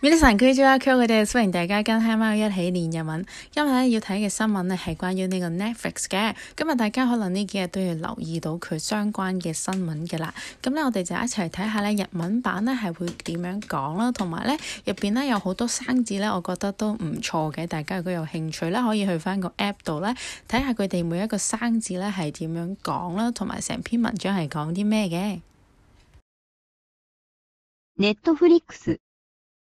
Melissa，Hello，大家好，我哋歡迎大家跟黑貓一起練日文。今日咧要睇嘅新聞咧係關於呢個 Netflix 嘅。今日大家可能呢幾日都要留意到佢相關嘅新聞嘅啦。咁咧我哋就一齊睇下咧日文版咧係會點樣講啦，同埋咧入邊咧有好多生字咧，我覺得都唔錯嘅。大家如果有興趣咧，可以去翻個 App 度咧睇下佢哋每一個生字咧係點樣講啦，同埋成篇文章係講啲咩嘅。Netflix。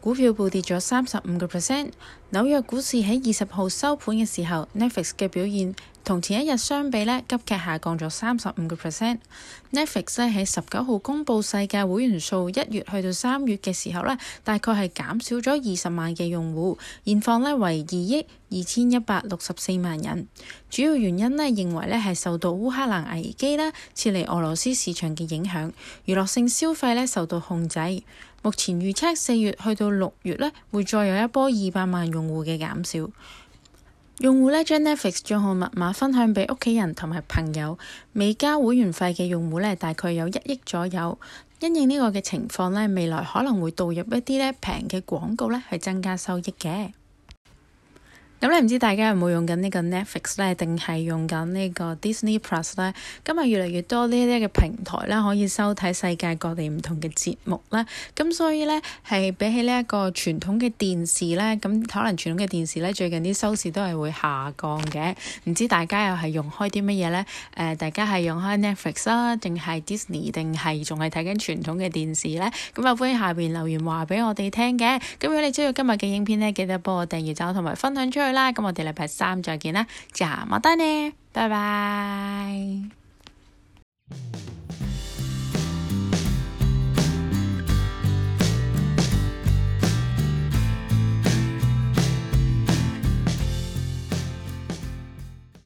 股票暴跌咗三十五個 percent。紐約股市喺二十號收盤嘅時候，Netflix 嘅表現。同前一日相比咧，急劇下降咗三十五個 percent。Netflix 咧喺十九號公佈世界會員數一月去到三月嘅時候咧，大概係減少咗二十萬嘅用戶，現況咧為二億二千一百六十四萬人。主要原因咧認為咧係受到烏克蘭危機啦、撤離俄羅斯市場嘅影響、娛樂性消費咧受到控制。目前預測四月去到六月咧會再有一波二百萬用戶嘅減少。用戶咧將 Netflix 賬號密碼分享俾屋企人同埋朋友，未交會員費嘅用戶大概有一億左右。因應呢個嘅情況，未來可能會導入一啲咧平嘅廣告咧，去增加收益嘅。咁你唔知大家有冇用緊呢個 Netflix 咧，定係用緊呢個 Disney Plus 咧？今日越嚟越多呢啲嘅平台啦，可以收睇世界各地唔同嘅節目啦。咁所以咧，係比起呢一個傳統嘅電視咧，咁可能傳統嘅電視咧，最近啲收視都係會下降嘅。唔知大家又係用開啲乜嘢咧？誒、呃，大家係用開 Netflix 啊，定係 Disney，定係仲係睇緊傳統嘅電視咧？咁啊，歡迎下邊留言話俾我哋聽嘅。咁如果你知道今日嘅影片咧，記得幫我訂閱就，同埋分享出去。好啦，咁我哋禮拜三，再見啦！就咁多呢，拜拜。